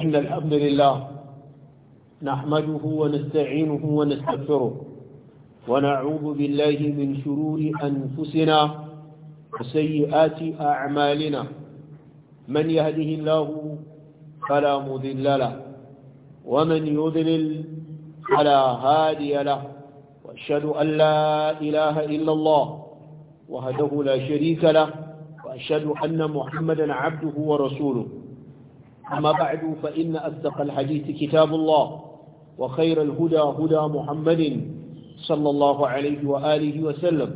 إن الحمد لله نحمده ونستعينه ونستغفره ونعوذ بالله من شرور أنفسنا وسيئات أعمالنا من يهده الله فلا مذل له ومن يذلل فلا هادي له وأشهد أن لا إله إلا الله وهده لا شريك له وأشهد أن محمدا عبده ورسوله أما بعد فإن أصدق الحديث كتاب الله وخير الهدى هدى محمد صلى الله عليه وآله وسلم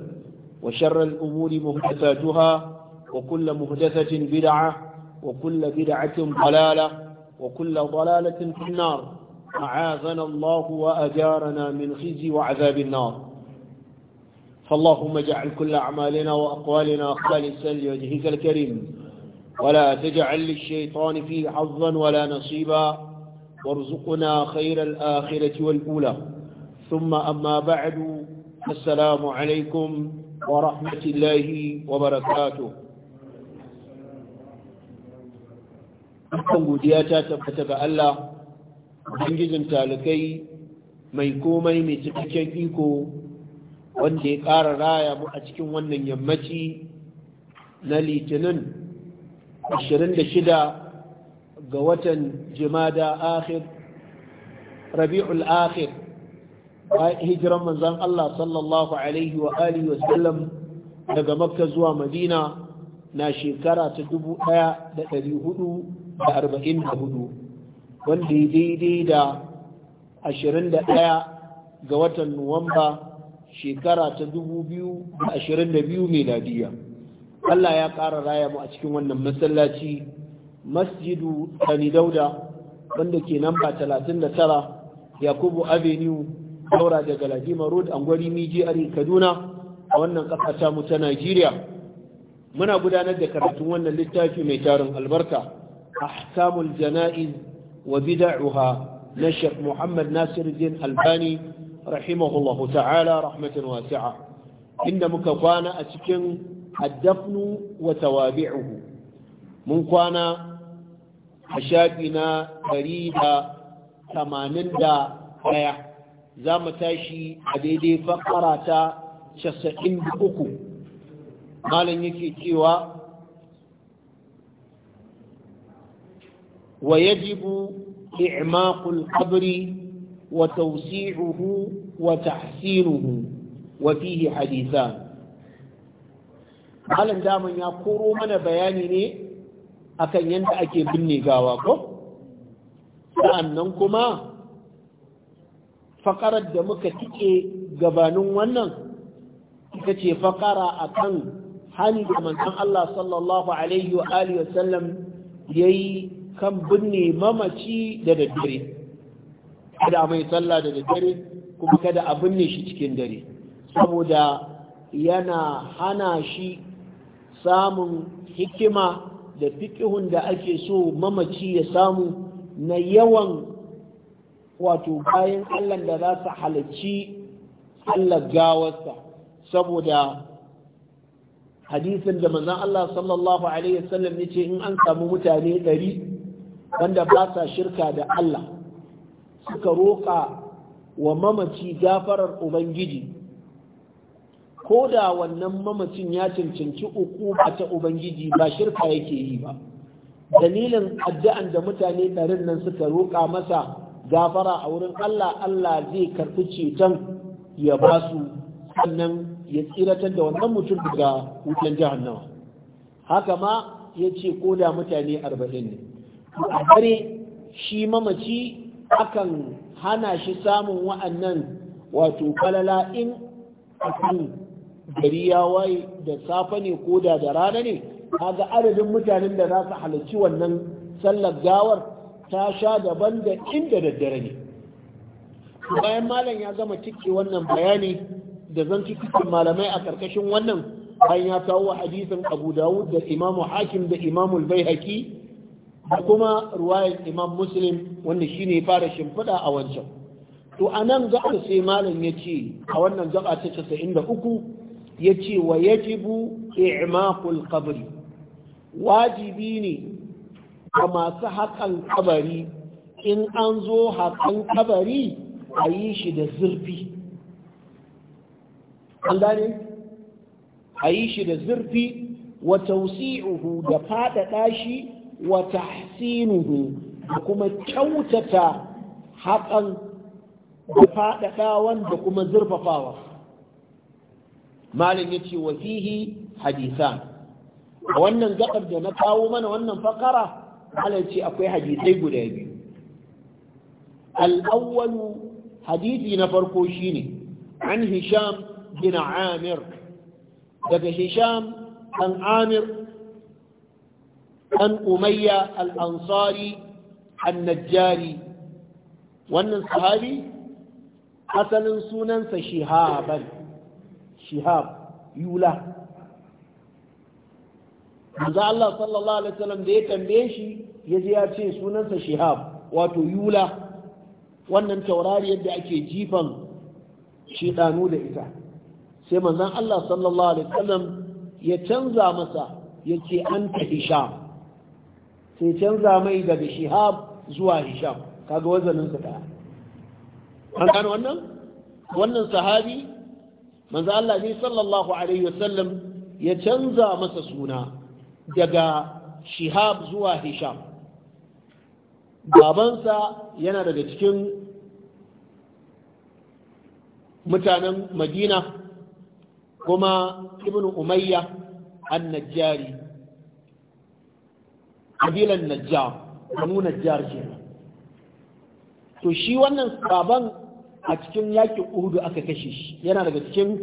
وشر الأمور مهدثاتها وكل مهدثة بدعة وكل بدعة ضلالة وكل ضلالة في النار أعاذنا الله وأجارنا من خزي وعذاب النار فاللهم اجعل كل أعمالنا وأقوالنا خالصا لوجهك الكريم ولا تجعل للشيطان فيه حظا ولا نصيبا وارزقنا خير الآخرة والأولى ثم أما بعد السلام عليكم ورحمة الله وبركاته أحكم قدياتا تبتب ألا وحنجز تالكي ميكومي متككيكو وانتي قار رايا مؤتكم ونن يمتي نليتنن 26 ga watan jimada akhir rabi'ul akhir hijiran manzan Allah sallallahu alaihi wa alihi wa sallam daga makka zuwa madina na shekara ta 1444 wanda daidai da 21 ga watan nuwamba shekara ta 2022 meladiya Allah ya ƙara raya mu a cikin wannan masallaci masjidu Sani Dauda wanda ke namba 39 Yakubu Avenue Daura da Galadima Road Angwari Miji Ari Kaduna a wannan ƙasa ta mu ta Najeriya muna gudanar da karatun wannan littafi mai tarin albarka ahkamul jana'iz wa bid'uha na Sheikh Muhammad Nasiruddin Albani rahimahullahu ta'ala rahmatan wasi'a inda muka kwana a cikin addafnu wa tawabi'uhu mun kwana a shafi na ɗari da da tamanin ɗaya. za mu tashi a daidai casa'in da uku. malam yake cewa ويجب wa القبر wa وتحسينه وفيه حديثان malam daman ya koro mana bayani ne akan yadda ake binne gawa ko sa'annan kuma fakarar da muka tike gabanin wannan ita ce fakara akan hali da mantan Allah sallallahu alaihi wa alihi wasallam yayi kan binne mamaci da daddare kada mai sallah da daddare kuma kada a binne shi cikin dare saboda yana hana shi samun hikima da fiƙihun da ake so mamaci ya samu na yawan wato bayan allah da za su halarci allah gawarsa saboda hadisin da manzan Allah sallallahu Alaihi wasallam ya ce in an samu mutane ɗari wanda ba sa shirka da Allah suka roƙa wa mamaci gafarar Ubangiji ko da wannan mamacin ya cancanci uku ba ta ubangiji ba shirka yake yi ba dalilin addu'an da mutane ɗarin nan suka roƙa masa gafara a wurin Allah Allah zai karɓi ceton ya ba su sannan ya tsiratar da wannan mutum daga wutan nawa, haka ma ya ce ko da mutane arba'in ne a dare shi mamaci akan hana shi samun wa'annan wato falala in a gari ya waye da safe ne ko da da rana ne kaga adadin mutanen da za su halarci wannan sallar gawar ta sha daban da inda daddare ne bayan malam ya gama cike wannan bayani da zan cikin malamai a karkashin wannan bayan ya kawo hadisin abu dawud da imamu hakim da imamu albayhaki da kuma ruwayar imam muslim wanda shine fara shimfiɗa a wancan to a nan gaɓar sai malam ya ce a wannan gaba ta casa'in uku ya ce wa yajibu i'maqul qabri wajibi ne ga masu haƙan kabari in an zo haƙan kabari a yi shi da zurfi an gane a yi shi da zurfi wa tausi'uhu da faɗaɗa shi wa tahsinuhu da kuma kyautata haƙan da faɗaɗawan da kuma zurfafawa malam yace wa fihi hadisan wannan gabar da na kawo mana wannan fakara malam ce akwai hadisai guda biyu al hadisi na farko shine an hisham bin amir daga hisham an amir an umayya al-ansari an-najjari wannan sahabi asalin sunansa shihaban shihab yula manzo Allah sallallahu alaihi wasallam da ya tambaye shi yaje ya ce sunansa shihab wato yula wannan taurari yadda ake jifan shedanu da ita sai manzon Allah sallallahu alaihi wasallam ya canza masa yace anta hisham sai canza mai daga shihab zuwa hisham kaga wazanin sa daya an gano wannan wannan sahabi manzo Allah ne sallallahu alaihi wasallam ya canza masa suna daga shihab zuwa hisham babansa yana daga cikin mutanen madina kuma ibn umayya annajjari kabilan najjar kanu najjar kenan to shi wannan baban a cikin yakin uhudu aka kashe shi yana daga cikin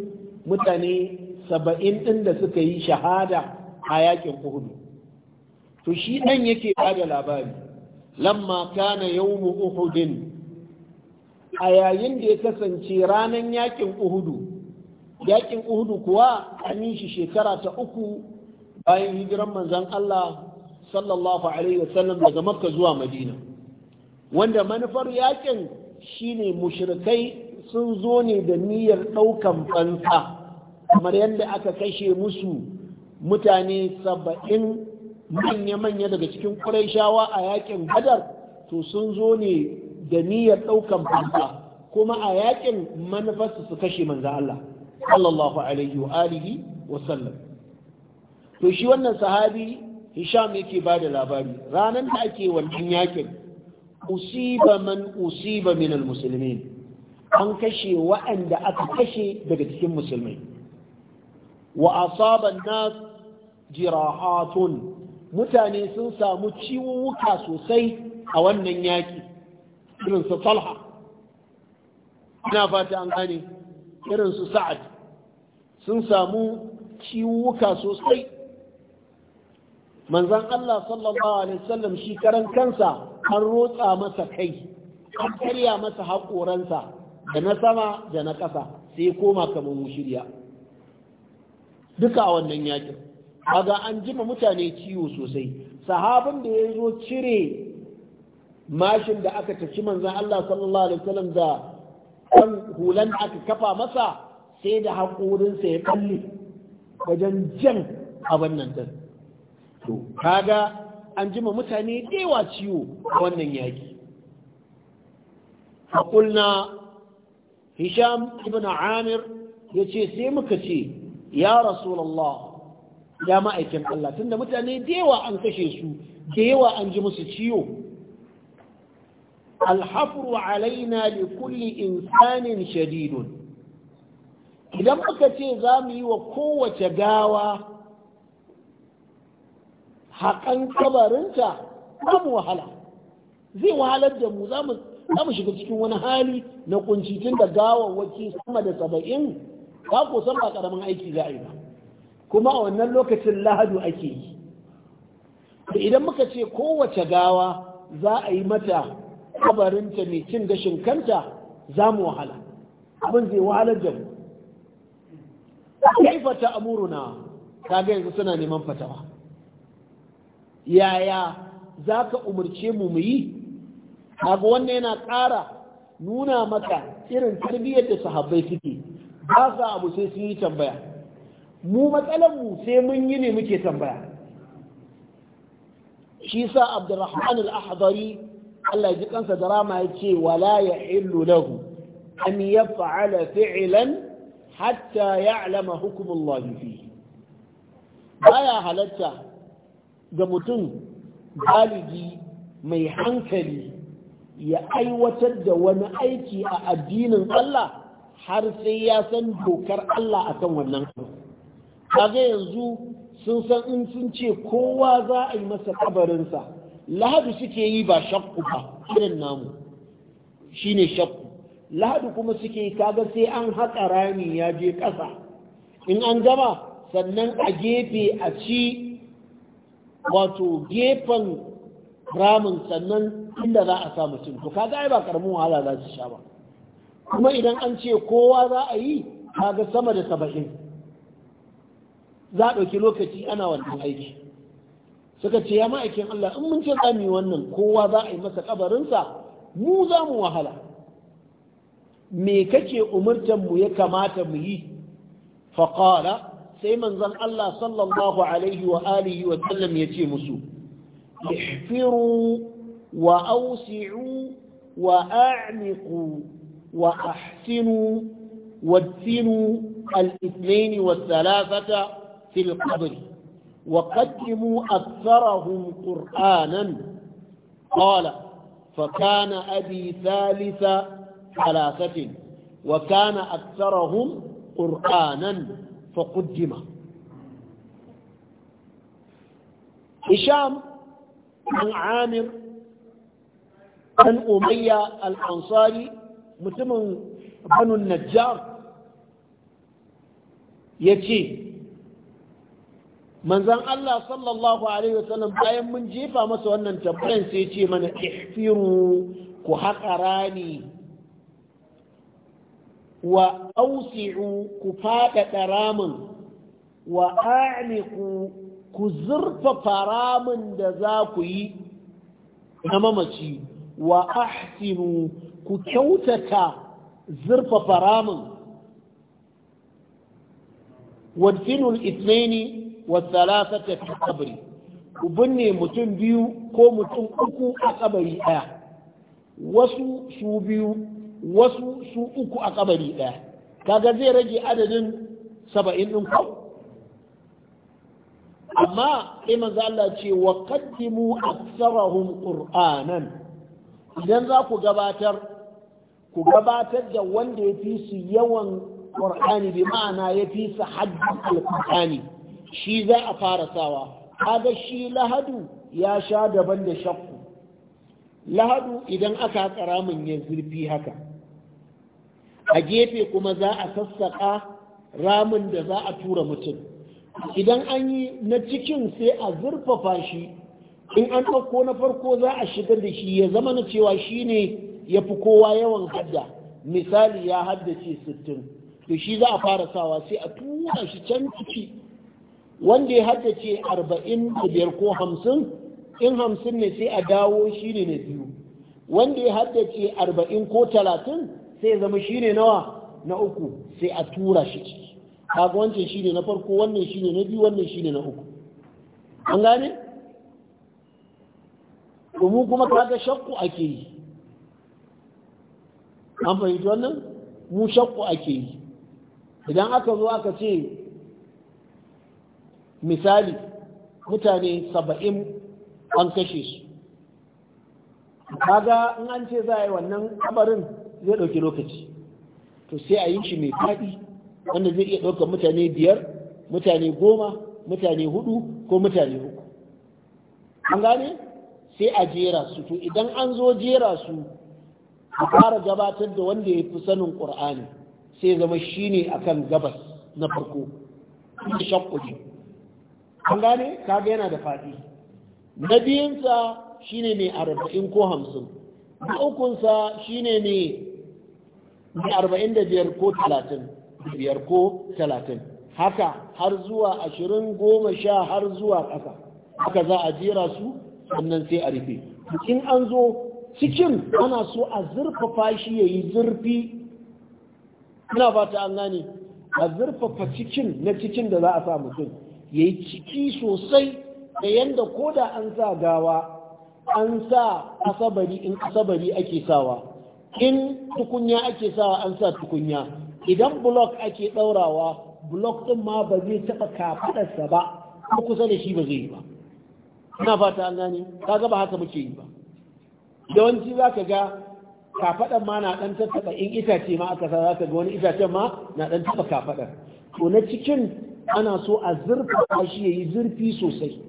mutane saba'in ɗin da suka yi shahada a yaƙin uhudu to shi ɗan yake bada labari lamma kana yawmu uhudin a yayin da ya kasance ranar yaƙin uhudu yaƙin uhudu kuwa an shi shekara ta uku bayan hijiran manzan Allah sallallahu alaihi wasallam daga makka zuwa madina wanda manufar yaƙin. shine mushrikai sun zo ne da niyyar ɗaukan fansa kamar yadda aka kashe musu mutane saba'in manya-manya daga cikin ƙuraishawa a yakin gadar, to sun zo ne da niyyar ɗaukan fansa kuma a yakin manufarsu su kashe manzan Allah sallallahu alaihi wa wa sallam to shi wannan sahabi Hisham yake ba da labari ranar da ake wannan yakin usiba man usiba min an kashe wa'anda aka kashe daga cikin musulmai wa asaba nas jirahatun mutane sun samu ciwuwuka sosai a wannan yaki irin su talha ina fata an gane irinsu sa'ad sun samu ciwuwuka sosai manzan Allah sallallahu alaihi wasallam shi karan kansa an rotsa masa kai an karya masa haƙoransa da na sama da na ƙasa sai ya koma kamar mushirya duka a wannan yakin kaga an jima mutane ciwo sosai sahabin da ya zo cire mashin da aka tafi manzan Allah sallallahu alaihi wasallam da kan hulan da aka kafa masa sai da haƙorinsa ya tsalle wajen jan abin nan din to kaga an jima mutane dewa ciwo a wannan yaki faƙulna hisham ibn amir ya ce sai muka ce ya rasulallah ya ma'aikin Allah da mutane yawa an kashe su yawa an ji musu ciwo alhafru alaina da kulli insanin shadidun idan muka ce za mu yi wa kowace gawa haƙan kabarinta ba mu wahala zai wahalar da mu za mu shiga cikin wani hali na kunci tun da gawawwaki sama da saba'in ba ku san ba ƙaramin aiki za a yi ba kuma a wannan lokacin lahadu ake yi idan muka ce kowace gawa za a yi mata kabarinta mai cin gashin kanta za mu wahala abin zai wahalar da mu kaifa ta amuruna kaga yanzu suna neman fatawa yaya za ka umarce mu mu yi kaga wannan yana ƙara nuna maka irin tarbiyyar da sahabbai suke ba su abu sai sun yi tambaya mu matsalar mu sai mun yi ne muke tambaya shi sa abdurrahman al-ahdari Allah ji kansa da rama ya ce wala ya illu lahu an fa'ala fi'lan hatta ya'lama hukmullahi fihi baya halatta ga mutum baligi mai hankali ya aiwatar da wani aiki a addinin Allah har sai ya san dokar Allah akan wannan kaga yanzu sun san in sun ce kowa za a yi masa kabarinsa lahadu suke yi ba shakku ba irin namu shine shakku lahadu kuma suke yi kaga sai an haƙa rami ya je ƙasa in an gama sannan a gefe a ci wato gefen ramin sannan inda za a sa mutum to kaga ai ba karamin wahala za su sha ba kuma idan an ce kowa za a yi kaga sama da saba'in za a ɗauki lokaci ana wannan aiki suka ce ya ma'aikin Allah in mun ce za mu yi wannan kowa za a yi masa kabarinsa mu za mu wahala me kake umurtan mu ya kamata mu yi faqala sai manzon Allah sallallahu alaihi wa alihi wa sallam yace musu ihfiru wa awsi'u wa a'miqu wa ahsinu al-ithnain وادفنوا الاثنين والثلاثة في القبر وقدموا أكثرهم قرآنا قال فكان أبي ثالث ثلاثة وكان أكثرهم قرآنا فقدم هشام عن عامر عن أمية الأنصاري متمن بنو النجار يجي من زن الله صلى الله عليه وسلم باين من جيفا مسوى أن تبقين سيتي من احفروا كحقراني wa ausi'u ku faɗaɗa ramin wa a'liku ku zurfafa ramin da za ku yi na mamaci wa ahsinu ku kyautata zurfafa ramin wadfinu al-ithnaini wa thalathata fi qabri ku binne mutum biyu ko mutum uku a kabari ɗaya wasu su biyu wasu su uku a kabari ɗaya kaga zai rage adadin saba'in ɗin kawo amma sai manzo Allah ce wa a aktsarahum ƙur'anan idan za ku gabatar ku gabatar da wanda ya fi su yawan ƙur'ani bi ma'ana ya fi su haddin alƙur'ani shi za a fara sawa kaga shi lahadu ya sha daban da shakku lahadu idan aka min ya zurfi haka a gefe kuma za a sassaƙa ramin da za a tura mutum idan an yi na cikin sai a zurfafa shi in an ɗauko na farko za a shigar da shi ya zama na cewa shi ne ya fi kowa yawan hadda misali ya haddace sittin to shi za a fara sawa sai a tura shi can ciki wanda ya haddace arba'in da ko hamsin in hamsin ne sai a dawo shi ne na biyu wanda ya haddace arba'in ko talatin sai zama shine nawa na uku sai a tura shi ciki kaga wancan shine na farko wannan shine na biyu wannan shine na uku an gane kuma kuma kaga shakku ake yi an fahimci wannan mu shakku ake yi idan aka zo aka ce misali mutane saba'in an kashe su kaga in an ce za a yi wannan kabarin zai ɗauki lokaci to sai a yi shi mai faɗi wanda zai iya ɗaukar mutane biyar mutane goma mutane hudu ko mutane uku an gane sai a jera su to idan an zo jera su a fara gabatar da wanda ya fi sanin ƙur'ani sai zama shi ne a kan gabas na farko da shakkuji an gane kaga yana da faɗi na biyunsa shi ne mai arba'in ko hamsin na ukunsa shi ne mai mai arba'in da biyar ko talatin biyar ko talatin haka har zuwa ashirin goma sha har zuwa ƙasa haka za a jera su sannan sai a rufe in an zo cikin ana so a zurfafa shi ya yi zurfi ina fata an gane a zurfafa cikin na cikin da za a sa mutum ya yi ciki sosai da yadda ko da an sa gawa an sa asabari in asabari ake sawa in tukunya ake sawa an sa tukunya idan blok ake ɗaurawa blok ɗin ma ba zai taɓa kafaɗarsa ba ko kusa da shi ba zai yi ba ina fata an gane kaga ba haka muke yi ba yawanci za ka ga kafaɗar ma na ɗan tattaɓa in itace ma aka sa za ka ga wani itace ma na ɗan taɓa kafaɗar to na cikin ana so a zurfa shi ya yi zurfi sosai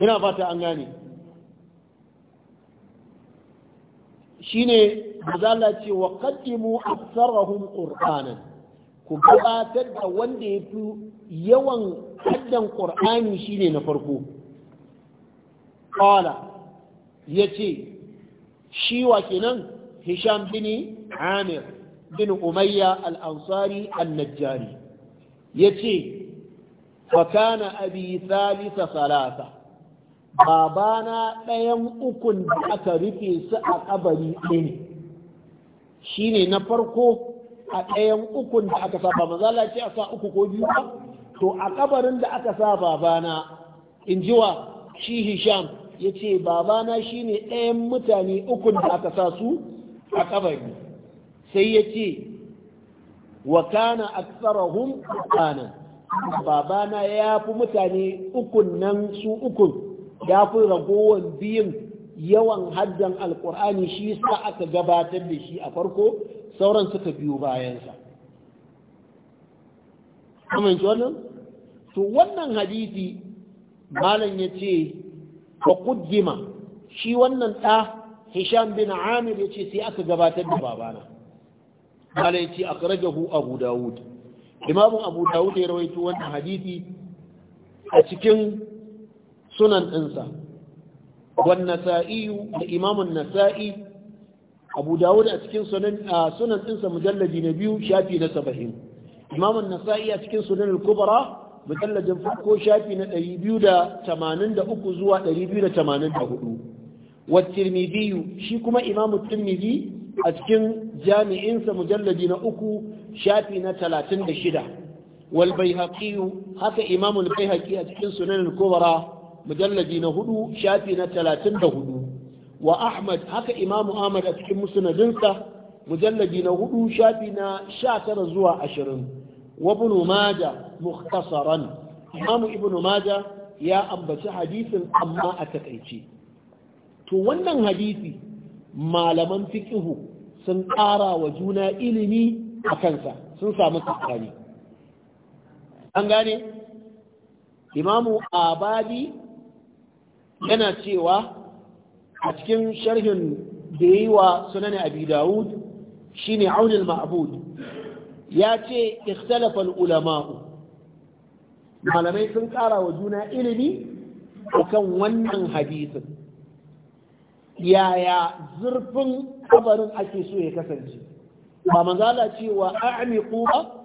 ina fata an gane shine mazala ce wa a aktsarahum ƙur'anin ku gabatar da wanda ya fi yawan haddan ƙur'ani shine na farko ya yace shi wa kenan hisham bin amir bin umayya al-ansari al najjari yace fa kana abi thalitha salasa babana ɗayan ukun da aka rufe su a ƙabari ɗini shi ne na farko a ɗayan ukun da aka saba mazala ce a sa uku ko biyu ba to a ƙabarin da aka sa babana in ji wa shi hisham ya ce babana shi ne ɗayan mutane ukun da aka sa su a ƙabari. sai ya ce wa kana tsarahun babana ya fi mutane ukun nan su ukun ya fi ragowar biyun yawan haddan alkur'ani shi sa aka gabatar da shi a farko sauran suka biyo bayansa amince wannan to wannan hadithi malam ya ce ka kuddima shi wannan ɗa hisham bin amir ya ce sai aka gabatar da babana malam ya ce aka rajahu abu dawud imamun abu dawud ya rawaito wannan hadithi a cikin sunan ɗinsa wan nasa'i da imamun nasa'i abu dawud a cikin sunan sunan ɗinsa mujalladi na biyu shafi na saba'in imamun nasa'i a cikin sunan al-kubra mujalladin farko shafi na ɗari biyu da tamanin da uku zuwa ɗari biyu da tamanin da hudu wa tirmidhi shi kuma imamu tirmidhi a cikin jami'insa mujalladi na uku shafi na talatin da shida wal bayhaqi haka imamul bayhaqi a cikin sunan al-kubra Mujallaji na hudu shafi na talatin da hudu wa ahmad haka imamu ahmad a cikin musnadinsa mujalladi na hudu shafi na sha tara zuwa ashirin wa ibnu maja mukhtasaran imamu ibnu maja ya ambaci hadisin amma a takaice to wannan hadisi malaman fiqihu sun ƙara wa juna ilimi a kansa sun samu tsakani an gane imamu abadi yana cewa a cikin sharhin da yi wa sunan abi dawud shine aunin ma'abud ya ce ikhtalafa ulama'u malamai sun ƙara wa juna ilimi akan wannan hadisin yaya zurfin kabarin ake so ya kasance ba manzala cewa a'miqu ba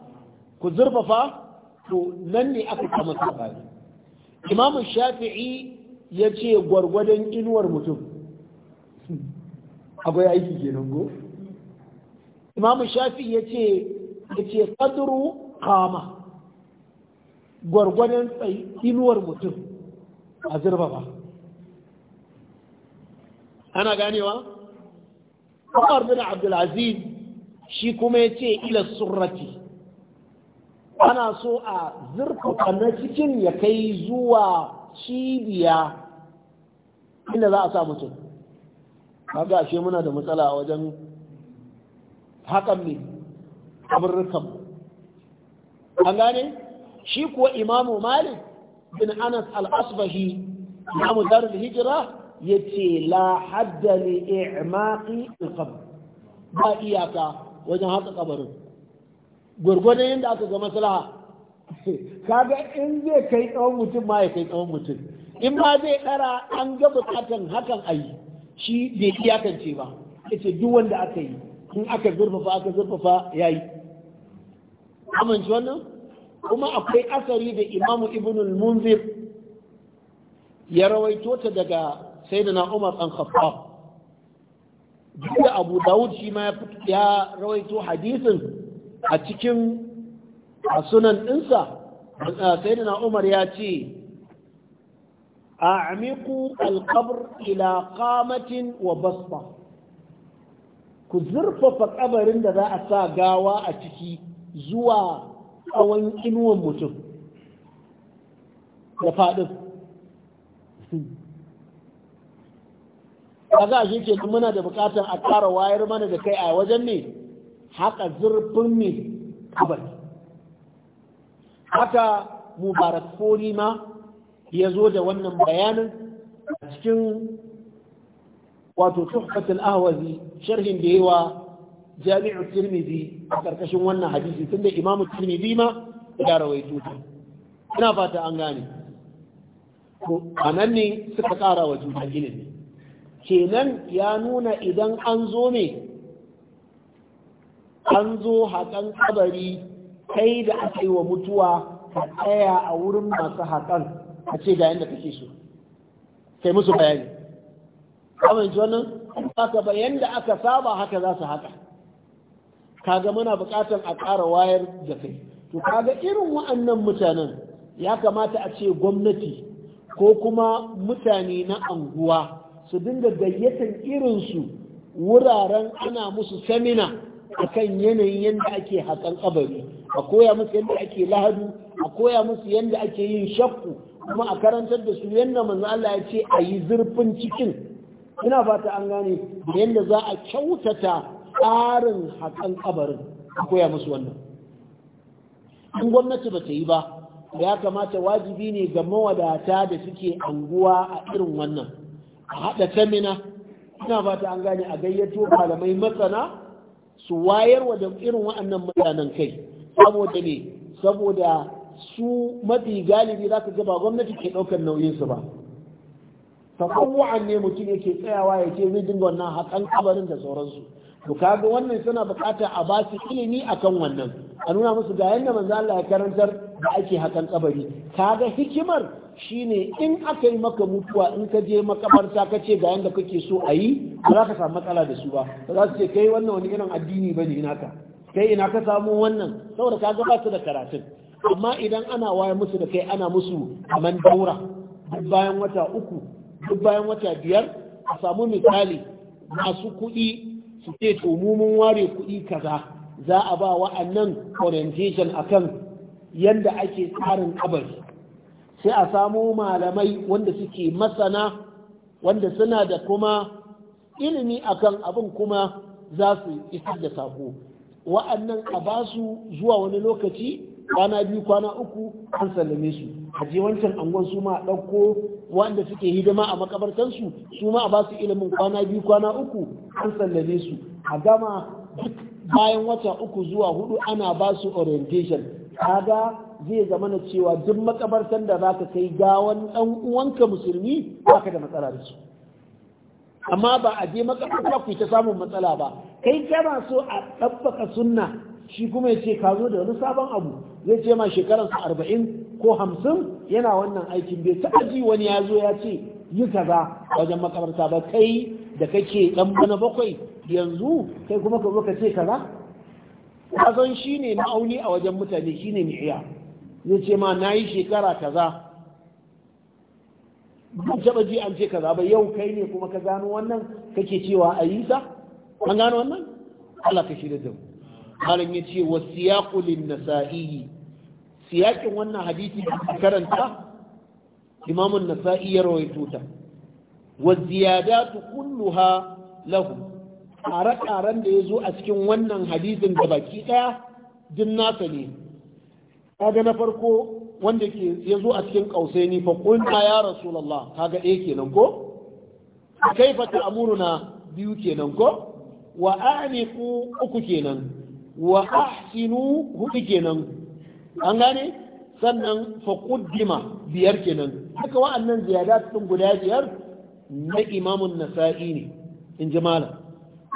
ku zurfafa to nan ne aka kama sabani imamu shafi'i ya ce gwargwadon inuwar mutum akwai aiki kenan go imamu shafi ya ce ya ce kaduru kama gwargwadon inuwar mutum a ba ana ganewa umar bin abdulaziz shi kuma ya ce ila surrati ana so a zurfafa na cikin ya kai zuwa cibiya inda za a sa mutum haka ashe muna da matsala wajen hakan ne amurkan an gane shi kuwa imamu malik bin anas al-asbahi imamu da hijira ya ce la hadda ne i'maqi al ba iyaka wajen haka kabarin Gwargwadon yadda aka ga maslaha kaga in zai kai tsawon mutum ma ya kai tsawon mutum in ma zai ɗara an ga bukatan hakan a yi shi bai iya iyakance ba Ita ce duk wanda aka yi in aka zurfafa aka zurfafa ya yi amince wannan kuma akwai asari da imamu ibn munzir ya rawaito ta daga sayyidina umar an khattab duk da abu dawud shi ma ya rawaito hadisin a cikin sunan ɗinsa sayyidina umar ya ce A Amiku qabr ila qamatin wa basba ku zurfafa ƙabarin da za a sa gawa a ciki zuwa tsawon inuwan mutum da faɗin kaga shi ke muna da bukatar a ƙara wayar mana da kai a wajen ne haka zurfin ne kabari haka mubarak ma ya zo da wannan bayanin a cikin wato tuhfatul ahwazi sharhin da yawa jami'u tirmidhi a karkashin wannan hadisi tunda imamu tirmidhi ma ya rawaito ina fata an gane to anan ne suka kara wa juna ilimi kenan ya nuna idan an zo ne an zo haƙan kabari kai da aka yi wa mutuwa ka tsaya a wurin masu haƙan a ce ga yadda kake so kai musu bayani abin ji wannan aka bayan da aka saba haka za su haka kaga muna bukatar a ƙara wayar da kai to kaga irin wa'annan mutanen ya kamata a ce gwamnati ko kuma mutane na anguwa su dinga gayyatar irinsu wuraren ana musu samina kan yanayin yadda ake haƙan kabari a koya musu yadda ake lahadu a koya musu yadda ake yin shakku kuma a karantar da su yadda manzo Allah ya ce a yi zurfin cikin ina fata an gane da yadda za a kyautata tsarin haƙan ƙabarin a koya musu wannan in gwamnati ba ta yi ba ya kamata wajibi ne ga mawadata da suke anguwa a irin wannan a haɗa tamina ina fata an gane a gayyato malamai masana su wayarwa wa da irin waɗannan mutanen kai saboda ne saboda su mafi galibi za ka ga ba gwamnati ke ɗaukar nauyinsu ba wa'an ne mutum yake tsayawa ya ce zai dinga wannan haƙan kabarin da sauransu to kaga wannan suna buƙatar a ba su ilimi akan wannan a nuna musu ga yadda manzo Allah ya karantar da ake haƙan kabari kaga hikimar shine in aka yi maka mutuwa in ka je makabarta ka ce ga yadda kake so a yi ba za ka samu matsala da su ba ba za su ce kai wannan wani irin addini bane ina ka kai ina ka samu wannan saboda kaga ba su da karatun amma idan ana waye musu da kai ana musu kaman daura duk bayan wata uku duk bayan wata biyar a samu misali masu kuɗi su ce to mu mun ware kuɗi kaza za a ba wa'annan orientation akan yanda ake tsarin kabari sai a samu malamai wanda suke masana wanda suna da kuma ilimi akan abin kuma za su isar da sako wa'annan a ba su zuwa wani lokaci kwana biyu kwana uku an sallame su a je wancan angon su ma a ɗauko wanda suke hidima a makabartansu su ma a ba su ilimin kwana biyu kwana uku an sallame su a gama bayan wata uku zuwa hudu ana ba su orientation kaga zai zama na cewa duk makabartan da za ka kai gawan ɗan uwanka musulmi ba ka da matsala da su amma ba a je makabarta ku ta samun matsala ba kai kana so a ɗabbaka sunna shi kuma ya ce ka zo da wani sabon abu zai ce ma shekararsa arba'in ko hamsin yana wannan aikin bai taɓa ji wani ya zo ya ce yi kaza wajen makabarta ba kai da kake ɗan bana bakwai yanzu kai kuma ka zo ka ce kaza kazan shi ne ma'auni a wajen mutane shi ne mi'iya zai ce ma na yi shekara kaza ban taɓa ji an ce kaza ba yau kai ne kuma ka gano wannan kake cewa a yi sa an gano wannan Allah ka shirya da mu malam ya ce wa siyaƙulin nasa'i siyaƙin wannan hadithi da karanta imamun nasa'i ya rawaito ta wa kullu ha lahu ƙare-ƙaren da ya zo a cikin wannan hadithin da baki ɗaya din nasa ne kaga na farko wanda ke ya zo a cikin ƙausai ne fa kunna ya rasulullah kaga ɗaya kenan ko fata amuruna biyu kenan ko wa ku uku kenan wa ahsinu hudu kenan an gane sannan fa quddima biyar kenan haka wa'annan ziyadat din guda biyar na imamun nasa'i ne in ji malam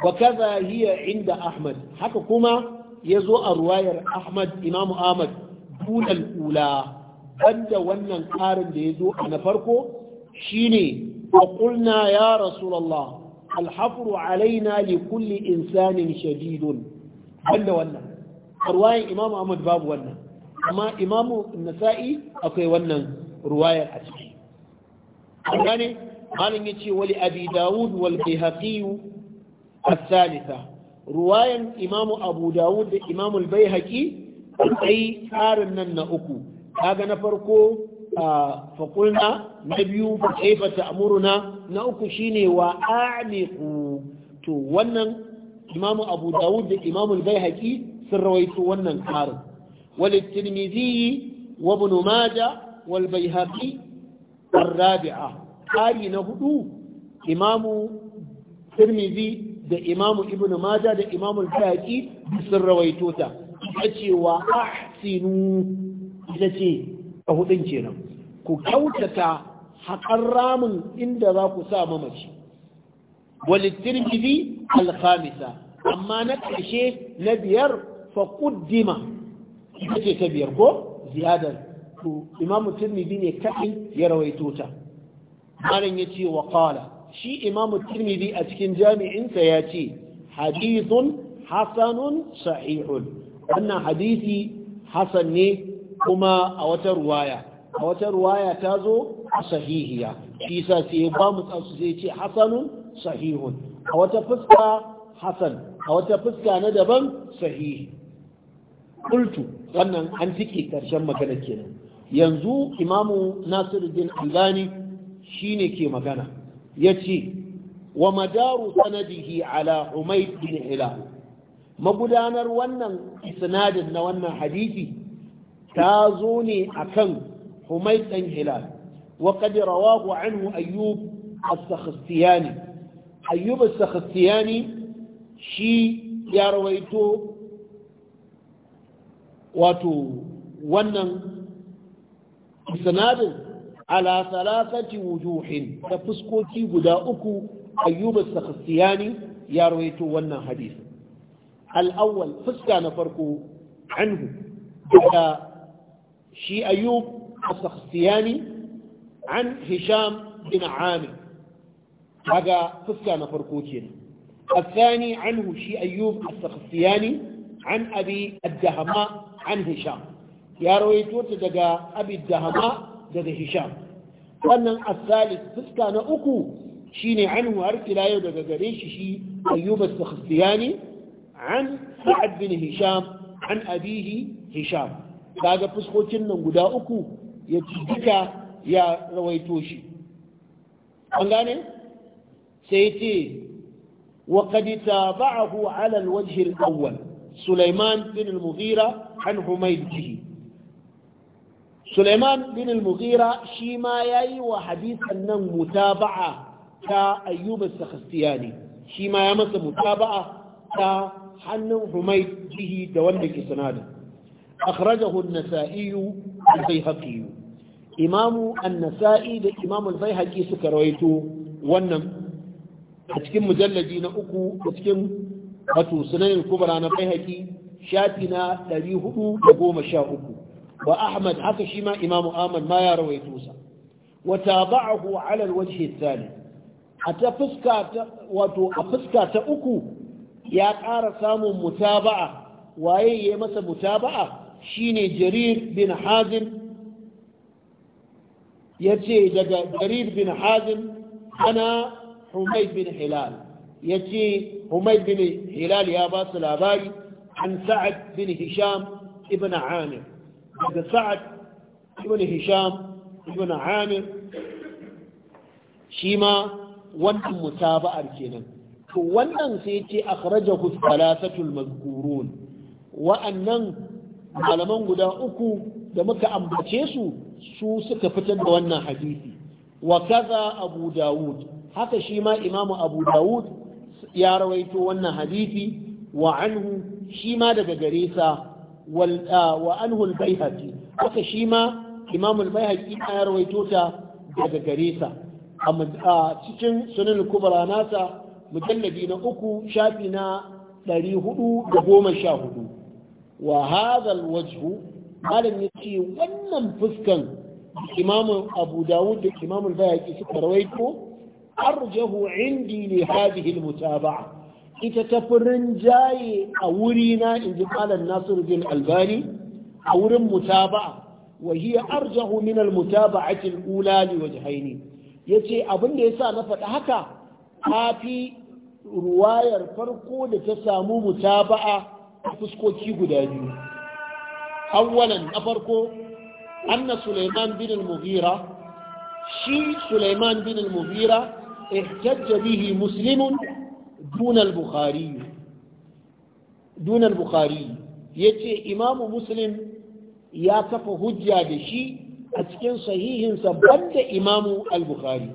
wa kaza hiya inda ahmad haka kuma ya zo a ruwayar ahmad imamu ahmad bulal ula banda wannan karin da zo a na farko shine wa qulna ya rasulullah الحفر علينا لكل insanin shadidun banda wannan ruwayan imamu ahmad babu wannan amma imamu nasa'i akwai wannan ruwayar a ciki an gane malin ya ce wali abi dawud wal bihaqiyu as-salisa ruwayan imamu abu dawud da imamu al-baihaqi sai tsarin nan na uku kaga na farko faƙulna na biyu kaifa ta'muruna na uku shine wa a'liqu to wannan imamu abu dawud da imamu bai sun rawaito wannan karin wani tirmidhi wa ibn maja wal bayhaqi na hudu imamu tirmidhi da imamu ibn maja da imamu bayhaqi sun rawaito ta yace wa ahsinu yace a hudun kenan ku kyautata hakan ramin inda za ku sa mamaci walittirmidhi al-khamisa amma na ƙarshe na biyar fa quddima ce ta biyar ko ziyadar to imam tirmidhi ne kadai ya rawaito ta malam yace wa qala shi imam tirmidhi a cikin jami'insa ya ce hadithun hasanun sahihun wannan hadisi hasan ne kuma a wata ruwaya a wata ruwaya ta zo a sahihiya shi sa sai ba mu tsasu sai ce hasanun sahihun a wata fuska hasan a wata fuska na daban sahihi qultu wannan an tike karshen magana kenan yanzu imamu nasiruddin albani shine ke magana yace wa madaru sanadihi ala umayd bin hilal magudanar wannan isnadin na wannan hadisi ta zo ne akan humayd dan hilal وقد رواه عنه أيوب السخستياني ayyub sakhtiyani shi ya rawaito wato wannan sanadin ala salasati wujuhin ta fuskoki guda uku ayyub sakhtiyani ya rawaito wannan hadisi al-awwal fuska na farko anhu daga shi ayyub السختياني عن هشام بن عامر هذا فسكان فرقوتين الثاني عنه شي أيوب السخصياني عن أبي الدهماء عن هشام يا رويتو تدقى أبي الدهماء دقى هشام wannan asali fuska na uku shine anhu har ila yau daga gare shi shi ayyub as-sakhtiyani an sa'ad bin hisham an abihi hisham kaga fuskokin nan guda uku ya ya rawaito shi an gane sai ce wa qad tabahu ala al awwal Sulaiman bin al-Mughira an Humayd bihi Sulaiman bin al-Mughira shi ma yayi wa hadisan nan mutaba'a ta ayyuba as shima shi ma ya masa mutaba'a ta hannun Humayd jihi da wanda ke sanadin أخرجه nasa'i da إمام النسائي لإمام suka rawaito wannan. a cikin mujalladi na uku a cikin wato sunanin kubra na baihaki shafi na 413 wa ahmad haka shi ma imamu ahmad ma ya rawaito sa wa tabahu ala alwajhi thalith a ta fuska ta wato a fuska ta uku ya ƙara samun mutaba'a waye ya masa mutaba'a shine jarir bin hazim yace daga jarir bin hazim ana Humayd bin Hilal ce Humayd bin Hilal ya basu labari an Sa'ad bin Hisham ibn Amir daga Sa'ad ibn Hisham ibn Amir shi ma wannan mutaba'ar kenan to wannan sai yace akhrajahu thalathatul mazkurun wa'annan malaman guda uku da muka ambace su su suka fitar da wannan hadisi wa kaza abu dawud haka shi ma imamu abu dawud ya rawaito wannan hadithi. wa anhu shi ma daga gare sa wa anhu al haka shi ma imamu al-baihaqi ya rawaito ta daga gare sa a cikin sunan kubra nasa mujallabi na uku shafi na ɗari da 414 wa hadha al-wajhu malam ya ce wannan fuskan imamu abu dawud da imamu al-baihaqi suka rawaito arjahu ne li hadhihi almutaba'a ita ta furin jaye a wurina in ji malam Nasiruddin Albani a wurin mutaba'a wa hiya arjahu min almutaba'ati alula li Ya ce abin da ya sa na faɗi haka kafi ruwayar farko da ta samu mutaba'a a fuskoki guda biyu awwalan na farko anna Sulaiman bin al shi Sulaiman bin al احتج به dunan دون البخاري دون البخاري يتي إمام مسلم ya kafa hujja da shi a cikin sahihinsa banda imamu al-bukhari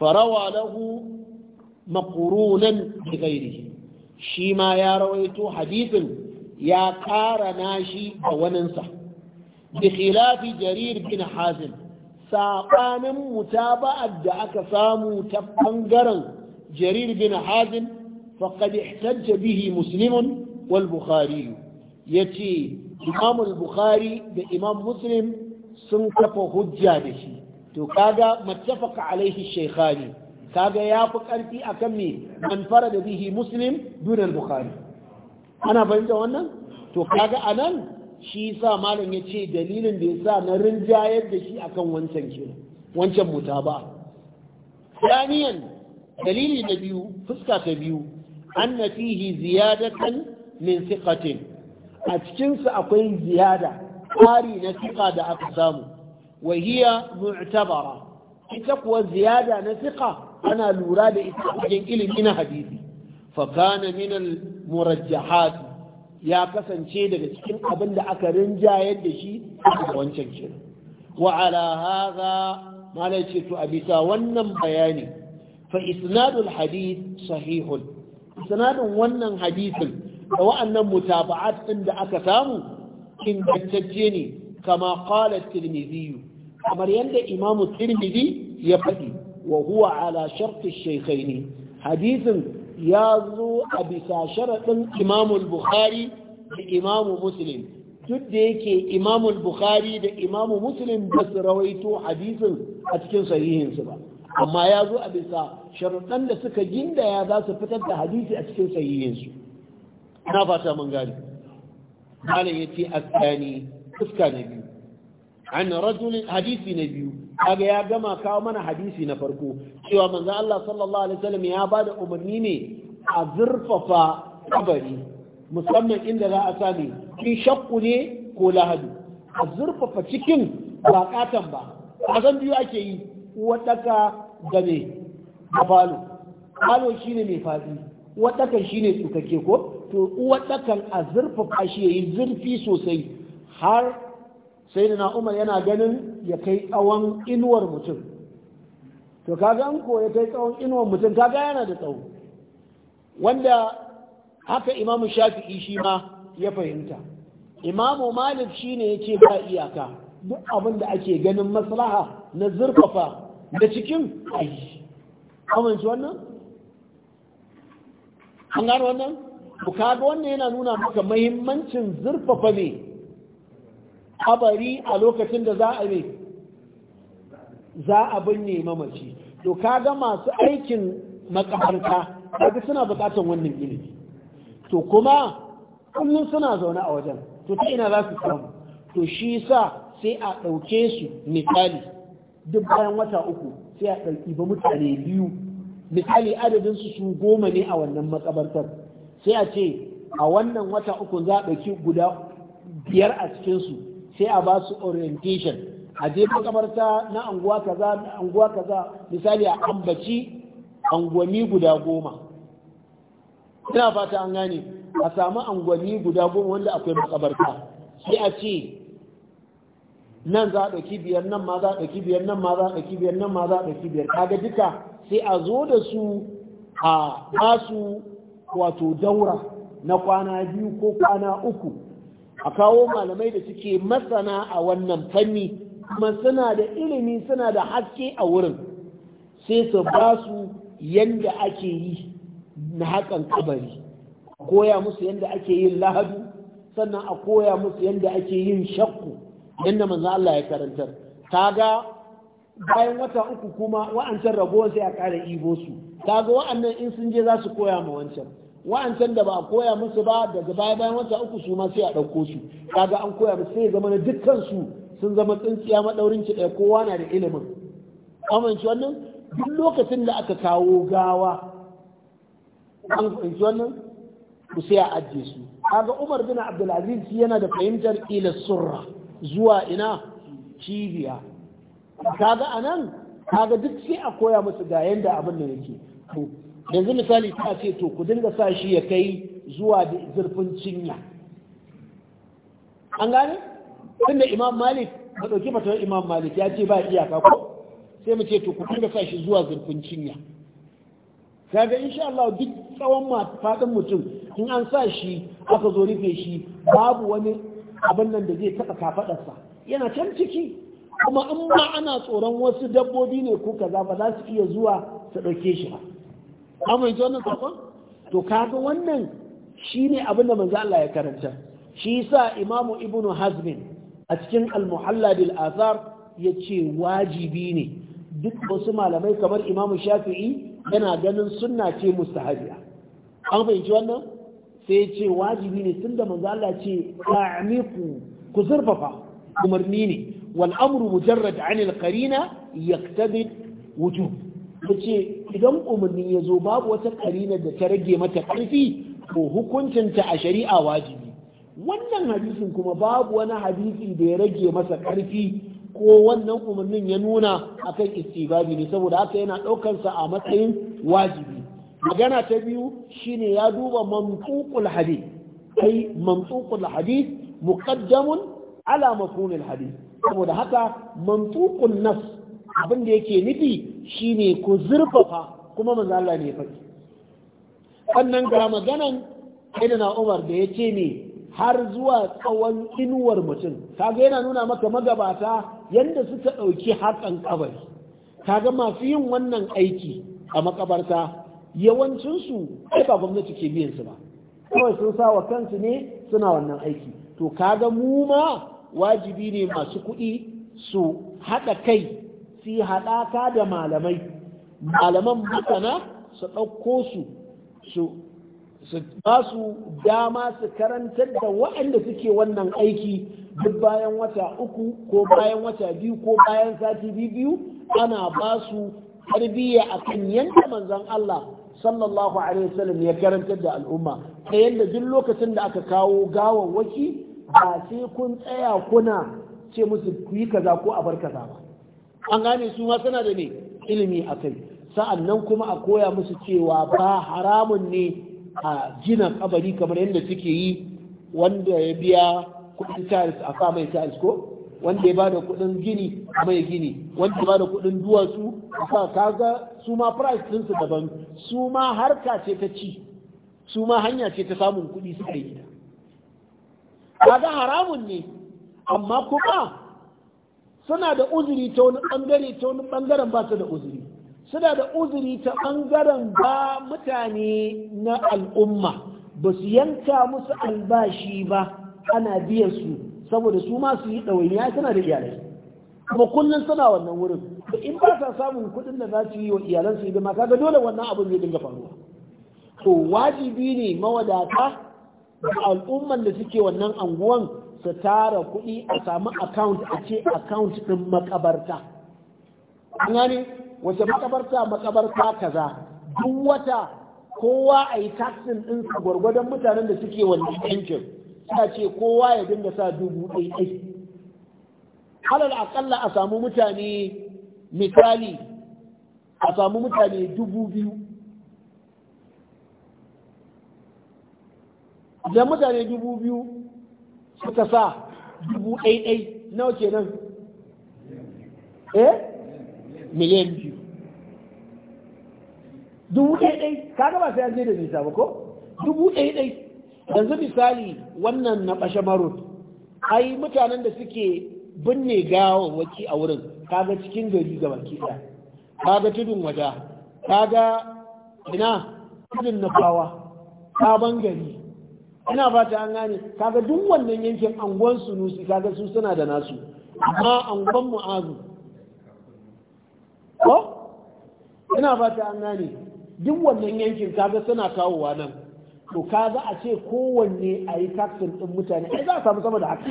farawa lahu maqurunan bi shima ya rawaito hadisin ya karana shi da waninsa bi khilafi jarir bin hazim saɓanin mutaba'ar da aka samu ta ɓangaren jarir bin hazin faƙad ihtajja bihi musulmin wal bukhari yace imam bukhari da imam muslim sun kafa hujja da shi to kaga mattafaqa alaihi shaykhani kaga yafi karfi akan me man da bihi muslim dun bukhari ana fahimta wannan to kaga anan shi sa malam ya ce dalilin da ya sa na rinjayar da shi akan wancan kenan wancan muta ba daniyan dalili na biyu fuska ta biyu an na fihi ziyadatan min siqatin a cikin su akwai ziyada kari na siqa da aka samu wa hiya mu'tabara ita kuwa ziyada na siƙa ana lura da ita a cikin ilimi na hadisi fa kana min al ya kasance daga cikin abin da aka rinjayar da shi a wancan kira wa ala hadha malai ce to a bisa wannan bayani fa isnadul hadith sahihun isnadun wannan hadisin da wa'annan mutaba'at ɗin da aka samu ingantacce ne kama qala tirmidhi kamar yadda imamu tirmidhi ya faɗi wa huwa ala shekai ne hadisin ya zo a bisa sharaɗin imamul bukhari da imamu muslim duk da yake imamul bukhari da imamu muslim ba su rawaito hadisin a cikin sahihinsu ba amma ya zo a bisa sharaɗin da suka gindaya za su fitar da hadisi a cikin sahihinsu na fata mun gani malam ya ce asani fuska na biyu an rajulin hadisi na biyu kaga ya gama kawo mana hadisi na farko cewa manzan Allah sallallahu alaihi wasallam ya ba da umarni ne a zurfafa kabari musamman inda za a sami in shakku ne ko lahadu a zurfafa cikin ba katan ba kasan biyu ake yi wadaka da me a falo falo shine mai fadi wadakan shine tsukake ko to wadakan a zurfafa shi yayi zurfi sosai har sai na umar yana ganin ya kai tsawon inuwar mutum to kaga an koya ya kai tsawon inuwan mutum kaga yana da tsawo wanda haka imamu shafi'i shi ma ya fahimta imamu malik shi ne ya ba iyaka duk abin da ake ganin maslaha na zurfafa da cikin ayi amince wannan an gano wannan ku kaga wannan yana nuna maka mahimmancin zurfafa ne abari a lokacin da za a mai za a binne mamaci to ga masu aikin makabarta kaga suna bukatan wannan ilimi to kuma kullum suna zaune a wajen to ta ina za su samu to shi sa sai a ɗauke su misali duk bayan wata uku sai a ɗauki ba mutane biyu misali adadin su su goma ne a wannan makabartar sai a ce a wannan wata uku za a ɗauki guda biyar a cikinsu sai a ba su orientation a je makabarta na anguwa kaza anguwa kaza misali a ambaci angwani guda goma ina fata an gane a samu angwani guda goma wanda akwai makabarta sai a ce nan za a ɗauki biyar nan ma za a ɗauki biyar nan ma za a ɗauki biyar nan ma za a ɗauki biyar kaga duka sai a zo da su a basu wato daura na kwana biyu ko kwana uku a kawo malamai da suke masana a wannan fanni kuma suna da ilimi suna da haske a wurin sai su ba su yadda ake yi na haƙan kabari a koya musu yadda ake yin lahadu sannan a koya musu yadda ake yin shakku yadda manzo Allah ya karantar ga bayan wata uku kuma wa'ancan ragowar sai a ƙara ibo su ga wa'annan in sun je za su koya ma wancan wa'ancan da ba a koya musu ba daga baya bayan wata uku su ma sai a ɗauko su ga an koya musu sai zama na dukkan su sun zama tsintsiya maɗaurin ki ɗaya kowa na da ilimin amince wannan duk lokacin da aka kawo gawa an fahimci wannan ku sai a ajiye su kaga Umar bin Abdulaziz yana da fahimtar ila surra zuwa ina cibiya kaga anan kaga duk sai a koya musu ga yanda abin da yake to yanzu misali ta ce to ku dinga sa shi ya kai zuwa da zurfin cinya an gane tunda imam malik ka ɗauki fatawar imam malik ya ce ba iyaka ko sai mu ce to ku dinga sa shi zuwa zurfin cinya kaga insha Allah duk tsawon faɗin mutum in an sa shi aka zo rufe shi babu wani abin nan da zai taɓa kafaɗarsa yana can ciki kuma in ba ana tsoron wasu dabbobi ne ko kaza ba za su iya zuwa su ɗauke shi ba amince wannan sakon to kaga wannan shine abin da manzo Allah ya karanta shi sa imamu ibnu hazmin a cikin al-muhalla bil athar yace wajibi ne duk wasu malamai kamar imamu shafi'i yana ganin sunna ce mustahabiya an fahimci wannan sai ce wajibi ne tunda manzo Allah ce ta'miqu ku zurfafa umarni ne wal amru mujarrad 'an al-qarina yaqtadi wujub ce idan umarni ya zo babu wata karina da ta rage mata ƙarfi ko hukuncinta a shari'a wajibi wannan hadisin kuma babu wani hadisi da ya rage masa ƙarfi ko wannan umarnin ya nuna akan istibabi ne saboda haka yana ɗaukansa a matsayin wajibi magana ta biyu shine ya duba mamtuqul hadis kai mamtuqul hadis muqaddamun ala mafhumil hadis saboda haka mamtuqul nas abin da yake nufi shine ku zurfafa kuma manzo Allah ne ya faɗi sannan ga maganan Sayyidina Umar da ya ce ne har zuwa tsawon inuwar mutum kaga yana nuna maka magabata yadda suka ɗauki haƙan ƙabari. kaga masu yin wannan aiki a makabarta yawancinsu ai ba gwamnati ke biyan su ba kawai sun sa wa kansu ne suna wannan aiki to kaga mu ma wajibi ne masu kuɗi su haɗa kai su haɗaka da malamai malaman masana su ɗauko su su su ba su dama su karantar da waɗanda suke wannan aiki duk bayan wata uku ko bayan wata biyu ko bayan sati biyu ana ba su tarbiyya a kan yanda manzan Allah sallallahu alaihi wasallam ya karantar da al'umma ta yadda duk lokacin da aka kawo gawawwaki ba sai kun tsaya kuna ce musu ku yi kaza ko a bar kaza ba an gane su ma suna da ne ilimi a kai nan kuma a koya musu cewa ba haramun ne a gina kabari kamar yadda suke yi wanda ya biya kudin taris a sa mai ko wanda ya bada kudin gini a mai gini wanda ya bada kudin duwatsu a sa kaga su ma price din daban su ma harka ce ta ci su ma hanya ce ta samun kudi su kai gida kaga haramun ne amma kuma suna da uzuri ta wani bangare ta wani bangaren ba su da uzuri suna da uzuri ta ɓangaren ba mutane na al'umma ba su yanka musu albashi ba ana biyan su saboda su masu yi yi ɗawainiya suna da iyalai kuma kullum suna wannan wurin da in ba sa samun kuɗin da za su yi wa iyalansu idan maka, kaga dole wannan abin zai dinga faruwa to wajibi ne mawadata da al'umman da suke wannan anguwan su tara kuɗi a samu account a ce account ɗin makabarta an wace makabarta makabarta kaza duk wata kowa a yi taxin ɗinsa gwargwadon mutanen da suke wannan yankin suna ce kowa ya dinga sa dubu ɗai-ɗai. Halar akalla a samu mutane misali a samu mutane dubu biyu idan mutane dubu biyu suka sa dubu ɗai-ɗai, na nawa kenan eh miliyan biyu dubu ɗaya ɗai ka gaba sai an je da nisa ba ko dubu ɗaya ɗai yanzu misali wannan na ɓashe marot ai mutanen da suke binne waki a wurin kaga cikin gari ga baki ɗaya kaga tudun wada kaga ina tudun na bawa sabon gari ina ba ta an gane kaga duk wannan yankin anguwan sunusi kaga su suna da nasu amma anguwan mu'azu ko ina ba ta gane duk wannan yankin kaga suna kawowa nan to kaga a ce kowanne a yi taxin ɗin mutane ai za a samu sama da haka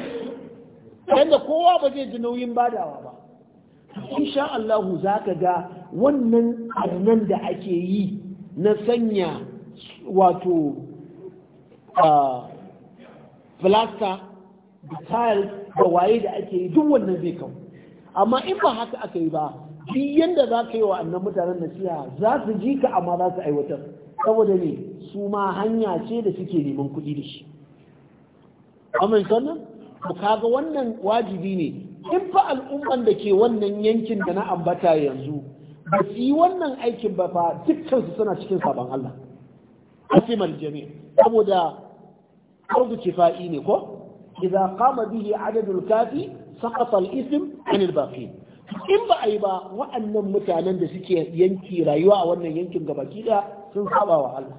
yadda kowa ba zai ji nauyin badawa ba insha Allahu za ka ga wannan arnan da ake yi na sanya wato plaster da tiles da waye da ake yi duk wannan zai kawo amma in ba haka aka yi ba duk da za ka yi wa annan mutanen nasiha za su ji ka amma za su aiwatar saboda ne su ma hanya ce da suke neman kuɗi da shi amin sannan ku kaga wannan wajibi ne in fa al'umman da ke wannan yankin da na ambata yanzu ba su yi wannan aikin ba fa dukkan su suna cikin sabon Allah asimal Jami'a saboda fardu kifa'i ne ko idza qama bihi adadul kafi saqata al-ism 'an al in ba a yi ba wa'annan mutanen da suke yanki rayuwa a wannan yankin gabaki da sun saba wa Allah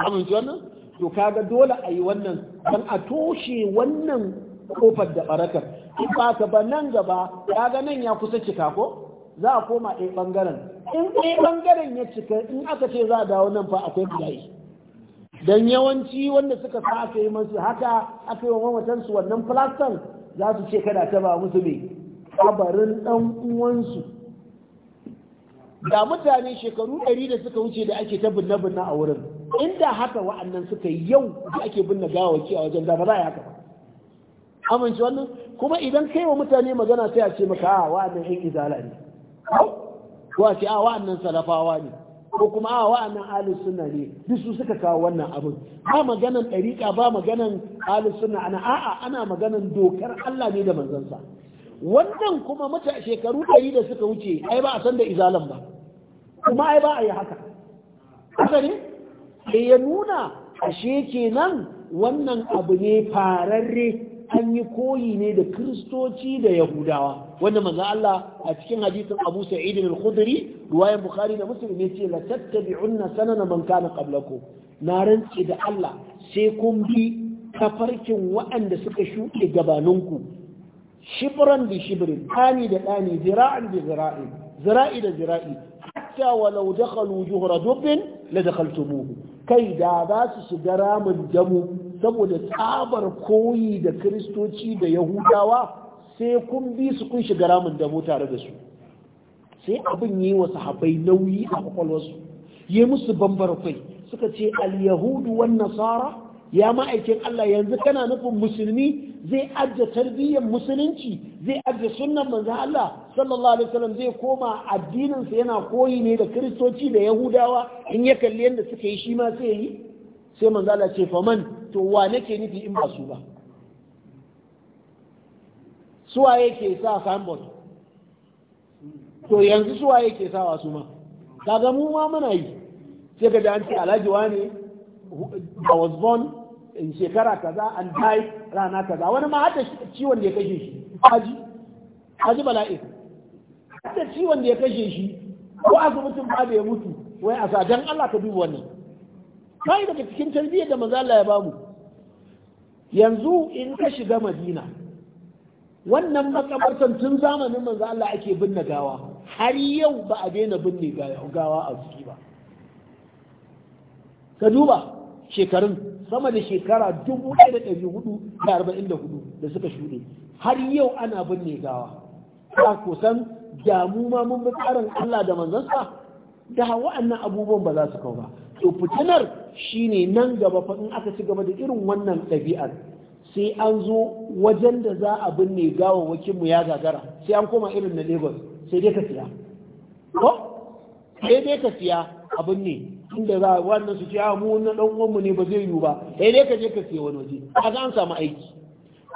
amince wannan to kaga dole a yi wannan don a toshe wannan kofar da barakar in ba ka ba nan gaba kaga nan ya kusa cika ko za a koma ɗaya ɓangaren in ɗaya ɓangaren ya cika in aka ce za a dawo nan fa akwai bala'i don yawanci wanda suka sa yi masu haka aka yi wa mamatansu wannan filastan za su ce kada ta ba musu mai kabarin ɗan uwansu da mutane shekaru ɗari da suka wuce da ake ta binne-binne a wurin inda haka wa'annan suka yi yau da ake binne gawaki a wajen da za a yi haka ba amince wannan kuma idan kai wa mutane magana sai a ce maka a ah, wa'annan yan izala ne ko a ce a ah, wa'annan salafawa ne ko kuma a ah, wa'annan ahlus sunna ne duk su suka kawo wannan abin ba maganan ɗariƙa ba maganan ahlus sunna ana a'a ana maganan dokar Allah ne da manzon sa wannan kuma mata shekaru ɗari da suka wuce ai ba a san da izalan ba kuma ai ba a yi haka haka ne sai ya nuna ashe kenan wannan abu ne fararre an yi koyi ne da kristoci da yahudawa wanda manzo Allah a cikin hadisin Abu Sa'id al-Khudri riwayar Bukhari da Muslim yace la tattabi'unna sanana man kana qablakum na rantsi da Allah sai kun bi tafarkin waɗanda suka shuke gabaninku shibran bi shibrin dani da dani zira'an bi zira'in zira'i da zira'i hatta walau dakhalu juhra dubbin la dakhaltumuhu kai da za su shiga ramin damu saboda tsabar koyi da kristoci da yahudawa sai kun bi su kun shiga ramin damu tare da su sai abin yi wa sahabbai nauyi a kwakwalwarsu yi musu bambar kai suka ce al-yahudu wan nasara ya ma'aikin Allah yanzu kana nufin musulmi zai ajiye tarbiyyar musulunci zai ajiye sunan manzan Allah sallallahu alaihi wasallam zai koma addininsa yana koyi ne da kristoci da yahudawa in ya kalli yadda suka yi shi ma sai yi sai manzan Allah ce faman to wa nake nufi in ba su ba suwa yake sa signboard to yanzu suwa yake sa su ma kaga mu ma muna yi sai ga da an ce alhaji ne I was born shekara kaza an dai rana kaza wani ma hada ciwon da ya kashe shi haji haji bala'i hada ciwon da ya kashe shi ko asibitin ba da ya mutu wai a sa dan Allah ka duba wannan kai daga cikin tarbiyyar da manzo Allah ya bamu yanzu in ka shiga Madina wannan makabartan tun zamanin manzo Allah ake binne gawa har yau ba a daina binne gawa a ciki ba ka duba shekarun sama da shekara dubu da suka shuɗe har yau ana binne gawa ta kusan damu ma mun bi tsarin Allah da manzansa da wa'annan abubuwan ba za su kau ba to fitinar shine nan gaba faɗin aka ci gaba da irin wannan ɗabi'ar sai an zo wajen da za a binne gawawwakin mu ya gagara sai an koma irin na Lagos sai dai ka siya ko sai dai ka siya a binne inda za a wannan su ce ah, mu na dan uwanmu ne ba zai yiwu ba eh dai ka je ka siya wani waje kaga an samu aiki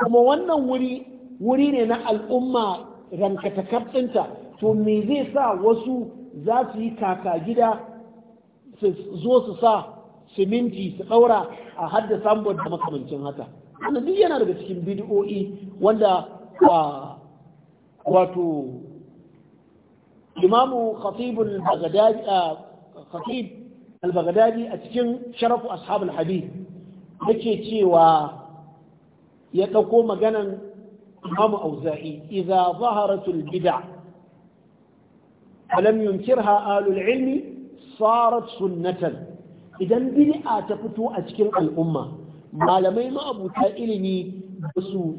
kuma wannan wuri wuri ne na al'umma rankatakar ɗinta to me zai sa wasu za su yi kaka gida su zo su sa siminti su ɗaura a sambon da makamancin haka wannan duk yana daga cikin bidiyo'i wanda ah, wato imamu khatibul bagdadi ah, khatib al a cikin sharafu ashabul habib yake cewa ya ɗauko maganan imamu auza'i iza zaharatul bid'a falam yunkirha alul ilmi sarat sunnatan idan bid'a ta fito a cikin al'umma malamai ma'abuta ilimi ba su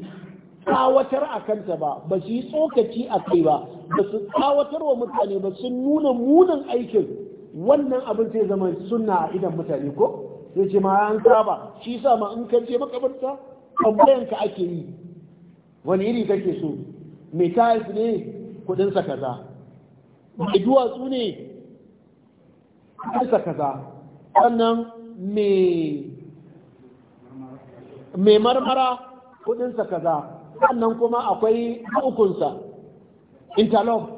tsawatar a kanta ba ba su yi tsokaci a kai ba ba su tsawatar wa mutane ba sun nuna munan aikin wannan abin sai zama sunna a idan mutane ko sai ce ma an saba shi sa ma in ka je makabarta tambayan ka ake yi wani iri kake so mai tayis ne kudin sa kaza mai duwatsu ne kudin sa kaza sannan mai marmara kudin sa kaza sannan kuma akwai ukunsa interlock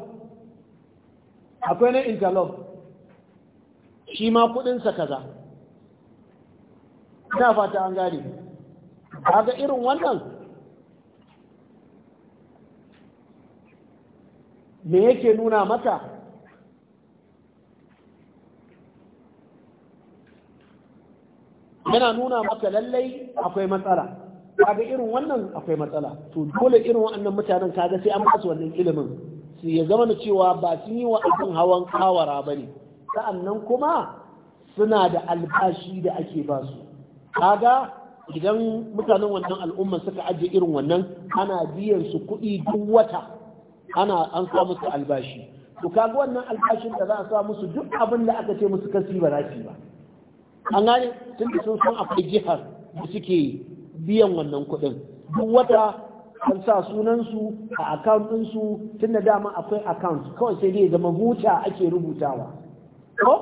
akwai na interlock shi ma kudinsa kaza ta fata an gane kaga irin wannan me yake nuna maka yana nuna maka lallai akwai matsala kaga irin wannan akwai matsala to dole irin wannan mutanen kaga sai an basu wannan ilimin su ya zama cewa ba sun yi wa abin hawan kawara ba ne sa'annan kuma suna da albashi da ake ba su kaga idan mutanen wannan al'umma suka ajiye irin wannan ana biyan su kuɗi duk wata ana an sa musu albashi to kaga wannan albashin da za a sa musu duk abin da aka ce musu kasi ba za ba an gane tun da sun san akwai jihar da suke biyan wannan kuɗin duk wata an sa sunansu a account ɗinsu tun da dama akwai account kawai sai dai zama huta ake rubutawa ko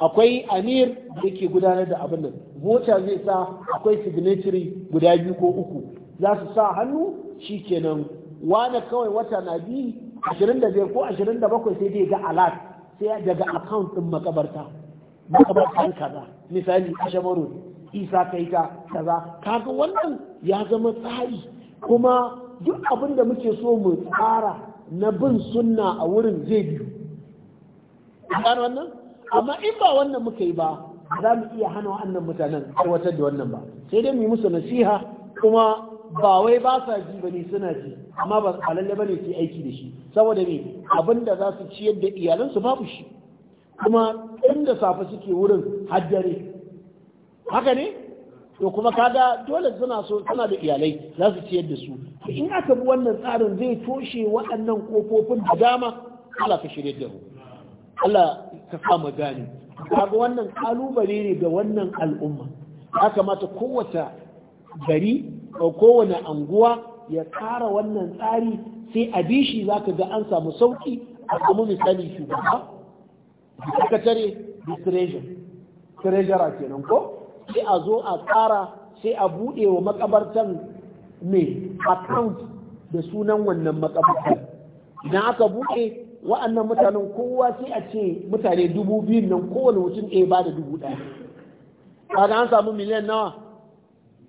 akwai amir da ke gudanar da abin nan vota zai sa akwai signatory guda biyu ko uku za su sa hannu shi kenan wane kawai wata na bi 25 ko 27 sai dai ga alat sai daga account din makabarta makabartan kaza misali ashamaru isa kaita kaza kaga wannan ya zama tsari kuma duk abin da muke so mu tsara na bin sunna a wurin zai biyu. Gano wannan? amma in ba wannan muka yi ba za mu iya hana wannan mutanen aiwatar da wannan ba sai dai mu yi musu nasiha kuma ba wai ba sa ji bane suna ji amma ba a lalle bane su aiki da shi saboda me abin da za su ciyar da iyalansu babu shi kuma inda safe suke wurin haddare haka ne to kuma kaga dole suna so suna da iyalai za su ciyar da su in aka bi wannan tsarin zai toshe waɗannan kofofin da dama Allah ka shirye da mu Allah ka kama gani kaga wannan kalubale ne ga wannan al'umma ya kamata kowace gari ko kowane anguwa ya kara wannan tsari sai a bishi za ka ga an samu sauki a samu misali shugaba sakatare discretion treasurer kenan ko sai a zo a tsara sai a buɗe wa makabartan mai account da sunan wannan makabartan idan aka buɗe wa'annan mutanen kowa sai a ce mutane dubu biyun nan kowane mutum ɗaya ba da dubu ɗaya kaga an samu miliyan nawa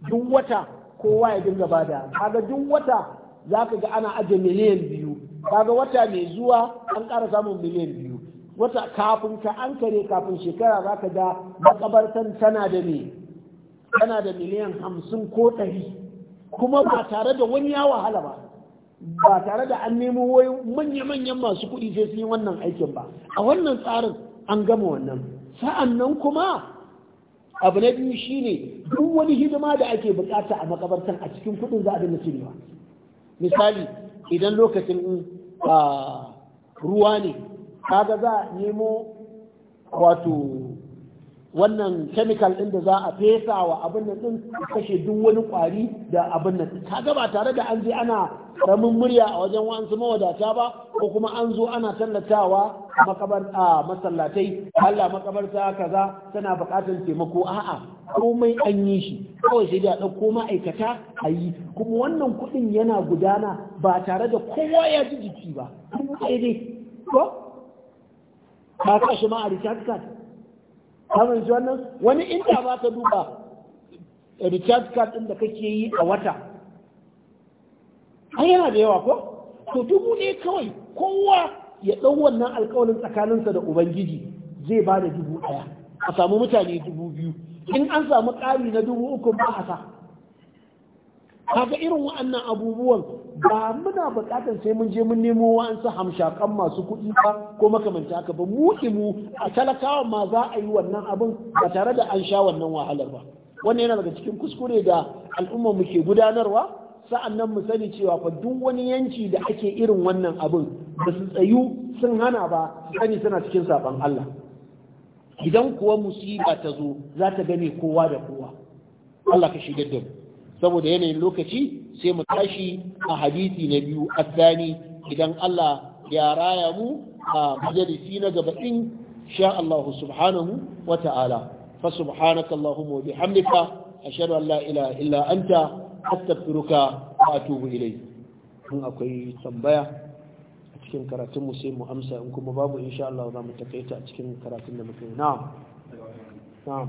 duk wata kowa ya dinga ba da kaga duk wata za ka ga ana ajiye miliyan biyu kaga wata mai zuwa an ƙara samun miliyan biyu wata kafin ka an kare kafin shekara za ka ga makabartan tana da me tana da miliyan hamsin ko ɗari kuma ba tare da wani ya wahala ba ba tare da an nemo wai manya-manyan masu kuɗi sai sun yi wannan aikin ba a wannan tsarin an gama wannan sa'an nan kuma abu na biyu shine duk wani hidima da ake bukata a makabartan a cikin kuɗin za a da cirewa misali idan lokacin ah, ruwa ne kaga za a nemo wato wannan chemical ɗin da za a fesa wa abin nan ɗin kashe duk wani ƙwari da abin nan ga ba tare da an je ana ramin murya a wajen wa'ansu mawadata ba ko kuma an zo ana tallatawa makabar a masallatai Allah makabarta kaza tana buƙatar taimako a'a komai an yi shi kawai sai da ɗauko ma'aikata a yi kuma wannan kuɗin yana gudana ba tare da kowa ya ji jiki ba sai dai ko ka shi ma a kamar shi wannan wani inda ba ka duba recharge card ɗin da kake yi a wata an yana da yawa ko to dubu ne kawai kowa ya ɗau wannan alkawalin tsakaninsa da ubangiji zai ba da dubu ɗaya a samu mutane dubu biyu in an samu ƙari na dubu uku ba a sa kaga irin wa'annan abubuwan ba muna bukatar sai mun je mun nemo wa'ansu hamshakan masu kuɗi ba ko makamanta ka ba mu imu a talakawa ma za a yi wannan abin ba tare da an sha wannan wahalar ba wannan yana daga cikin kuskure da al'ummar mu ke gudanarwa sa'annan mu sani cewa fa duk wani yanci da ake irin wannan abin ba su tsayu sun hana ba sani suna cikin saban Allah idan kuwa musiba ta zo za ta gane kowa da kowa Allah ka shigar da mu saboda yanayin lokaci sai mu tashi a hadisi na biyu asani idan Allah ya raya mu a majalisi na gaba din sha Allah subhanahu wa ta'ala fa subhanaka allahumma wa bihamdika ashhadu an la ilaha illa anta astaghfiruka wa atubu ilayk in akwai tambaya a cikin karatun mu sai mu amsa in kuma babu insha Allah za mu takaita a cikin karatun da muke na'am na'am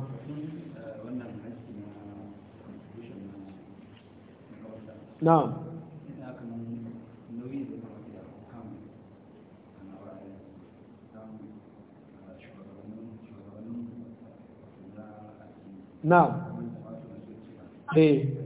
na'am na'am eh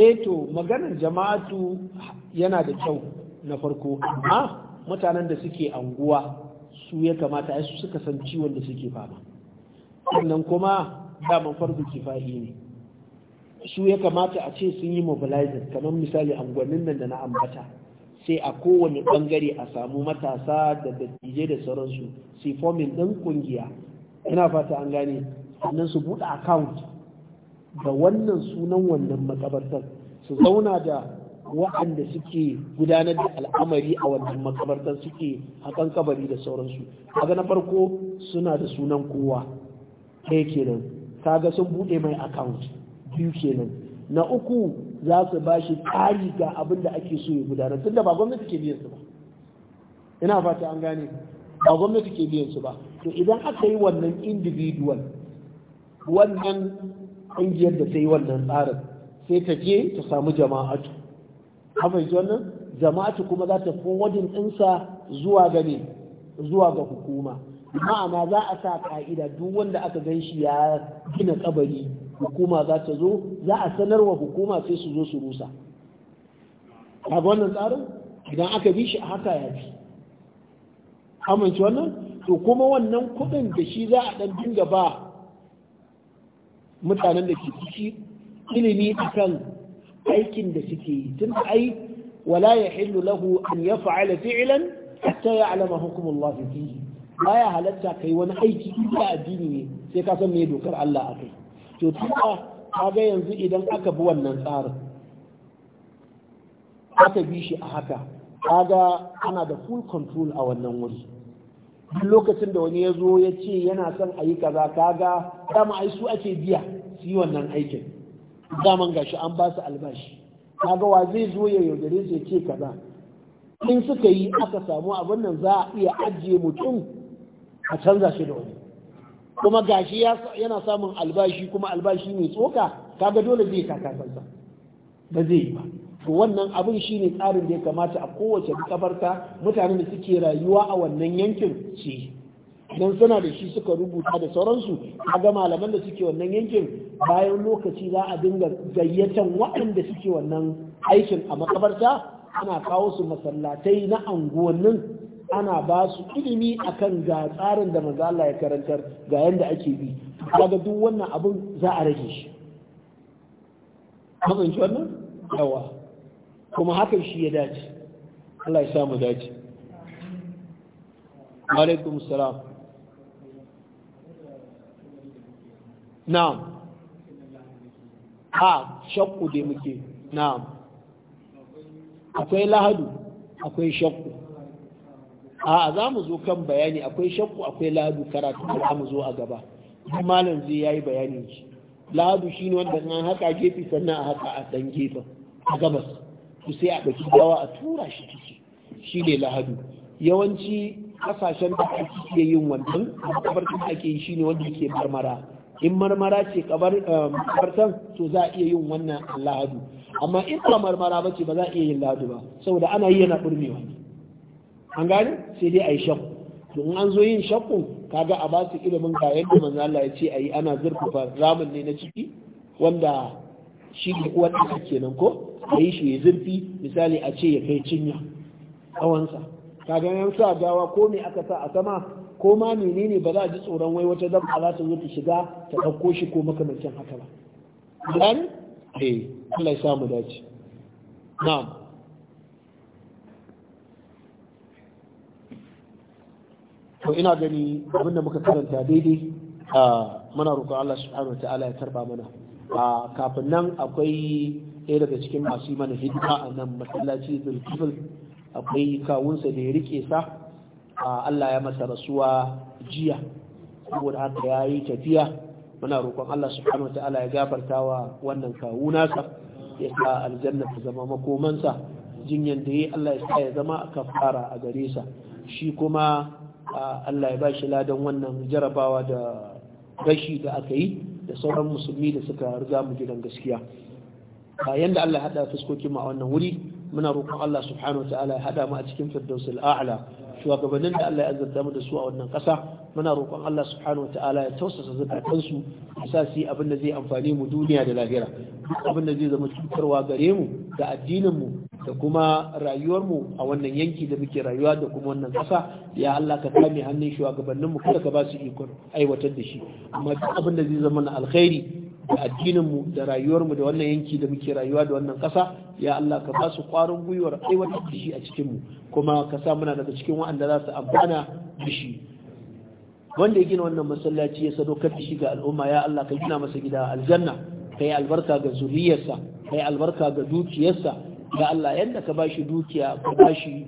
eto eh maganar jama'atu yana da kyau na farko amma mutanen da suke anguwa su ya kamata su suka san ciwon da suke fama sannan kuma daman farko kifahi ne su ya kamata a ce sun yi mobilizing kamar misali angonin nan da na ambata sai a kowane bangare a samu matasa da dattijai da sauransu sai fomin ɗin ƙungiya, ina fata an gane sannan su buɗe account da wannan sunan wannan makabartar su zauna da waɗanda suke gudanar da al'amari a wannan makabartar suke haƙan kabari da sauransu kaga na farko suna da sunan kowa ɗaya kenan kaga sun buɗe mai account biyu kenan na uku za su ba shi ƙari ga abin da ake so ya gudanar tunda ba gwamnati ke biyan su ba ina fata an gane ba gwamnati ke biyan su ba to idan aka yi wannan individual wannan ƙungiyar da ta yi wannan tsarin sai ta je ta samu jama'atu wannan jama'atu kuma za ta wajen ɗinsa zuwa ga ne zuwa ga hukuma ma'ana za a sa ƙa'ida duk wanda aka gan shi ya gina kabari hukuma za ta zo za a sanarwa hukuma sai su zo su rusa a wannan tsarin idan aka bi shi a haka ya fi amince wannan to kuma wannan kuɗin da shi za a ɗan dinga ba mutanen da ke ciki ilimi akan aikin da suke yi tun ai wala ya hillu lahu an ya fa'ala fi'lan hatta ya alama hukumullah fihi ya halatta kai wani aiki da addini ne sai ka san me dokar Allah kai to tuka kaga yanzu idan aka bi wannan tsarin aka bi shi a haka kaga ana da full control a wannan wuri lokacin da wani ya zo ya ce yana son a yi kaza kaga dama ai su ake biya su yi wannan aikin daman gashi an ba su albashi kaga wa zai zo ya yaudare su ya ce kaza in suka yi aka samu abin nan za a iya ajiye mutum a canza shi da wani kuma gashi yana samun albashi kuma albashi mai tsoka kaga dole zai kakasansa ba zai yi ba to wannan abin ne tsarin da ya kamata a kowace kafarta mutane da suke rayuwa a wannan yankin ce idan suna da shi suka rubuta da sauransu ga malaman da suke wannan yankin bayan lokaci za a dinga gayyatan waɗanda suke wannan aikin a makabarta ana kawo su masallatai na anguwannin ana ba su ilimi a kan ga tsarin da manzo Allah ya karantar ga yadda ake bi kaga duk wannan abin za a rage shi. wannan? Yawa. kuma hakan shi ya dace Allah ya samu dace alaikum salam na'am ha shakku da muke na'am akwai lahadu akwai shakku a za mu zo kan bayani akwai shakku akwai lahadu karatu da za mu zo a gaba duk malam zai yayi bayani shi lahadu shine wanda an haka gefe sannan a haka a dan gefen a gabas ku sai a ɗauki dawa a tura shi ciki shi ne lahadu yawanci kasashen da ake yin wannan kabar ake yi shi ne wanda yake marmara in marmara ce kabar eh, kabartan to za a iya yin wannan lahadu amma in ba marmara ba ce ba za a iya yin lahadu ba saboda ana yi yana burmewa an gane sai dai a yi shakku to in an zo yin shakku kaga a basu ilimin ga yadda manzo Allah ya ce ayi ana zurfafa ramin ne na ciki wanda shi ne uwar ɗan nan? ko ya yi shi ya zurfi misali a ce ya kai cinya tsawonsa kaga ganin sa gawa ko me aka sa a sama ko ma menene ba za a ji tsoron wai wata zama za ta zo ta shiga ta ɗauko shi ko makamancin haka ba dan eh Allah ya samu dace na'am to ina gani abinda muka karanta daidai a ah, muna roƙon Allah subhanahu wa ta'ala ya karba mana a kafin nan akwai ɗaya daga cikin masu mana hidima a nan masallaci zulkifil akwai kawunsa da ya rike sa Allah ya masa rasuwa jiya saboda haka ya yi tafiya muna roƙon Allah kano ta Allah ya gafarta wa wannan kawu nasa ya sa aljanna ta zama makomansa jinyan da ya Allah ya sa ya zama kafara a gare sa shi kuma Allah ya ba shi ladan wannan jarabawa da gashi da aka yi da sauran musulmi da suka riga mu gidan gaskiya bayan da Allah hada fuskokin mu a wannan wuri muna roƙon Allah subhanahu wataala ya hada mu a cikin firdausul a'la shugabannin da Allah ya azurta mu da su a wannan ƙasa muna roƙon Allah subhanahu wataala ya tausasa zakatun su sa su abin da zai amfani mu duniya da lahira abin da zai zama cutarwa gare mu da addinin mu da kuma rayuwarmu a wannan yanki da muke rayuwa da kuma wannan ƙasa ya Allah ka kame hannun shugabanninmu kada ka ba su ikon aiwatar da shi amma duk abin da zai zama na alkhairi da addininmu da rayuwarmu da wannan yanki da muke rayuwa da wannan ƙasa ya Allah ka ba su ƙwarin gwiwar aiwatar da shi a cikinmu kuma ka sa muna daga cikin waɗanda za su amfana da shi wanda ya gina wannan masallaci ya sadaukar da shi ga al'umma ya Allah ka gina masa gida aljanna kai albarka ga zuriyarsa kai albarka ga dukiyarsa ya Allah yadda ka bashi dukiya ka bashi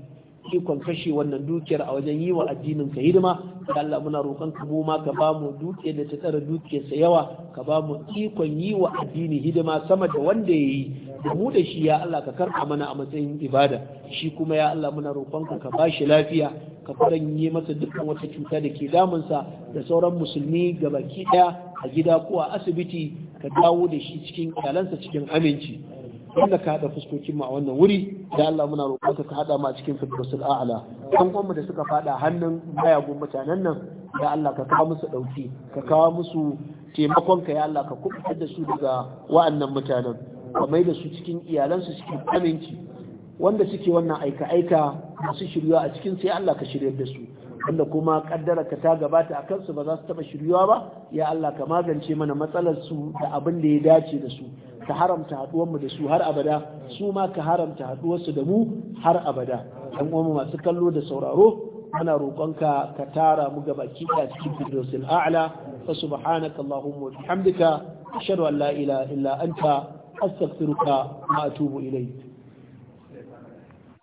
ikon kashe wannan dukiyar a wajen yi wa addinin ka hidima ya Allah muna roƙon ka mu ma ka bamu dukiyar da ta tsara dukiyar sa yawa ka bamu ikon yi wa addini hidima sama da wanda yayi da mu da shi ya Allah ka karɓa mana a matsayin ibada shi kuma ya Allah muna roƙon ka ka bashi lafiya ka yi masa dukkan wata cuta da ke damunsa da sauran musulmi ga baki ɗaya a gida ko a asibiti ka dawo da shi cikin kyalansa cikin aminci wanda ka haɗa fuskokin mu a wannan wuri da Allah muna roƙon ka haɗa mu a cikin firdausul a'la kan mu da suka faɗa hannun mayagun mutanen nan da Allah ka kawo musu ɗauki ka kawo musu taimakon ka ya Allah ka kubutar da su daga wa'annan mutanen ka mai da su cikin iyalansu cikin aminci wanda suke wannan aika-aika masu shiryuwa a cikin sai Allah ka shiryar da su wanda kuma kaddara ka ta gabata a kansu ba za su taɓa shiryuwa ba ya Allah ka magance mana matsalar su da abin da ya dace da su ka haramta haduwanmu da su har abada su ma ka haramta haduwarsu da mu har abada dan uwanmu masu kallo da sauraro ana roƙonka ka tara mu ga baki da cikin firdausil a'la fa subhanaka allahumma wa bihamdika ashhadu an la ilaha illa anta astaghfiruka wa atubu ilayk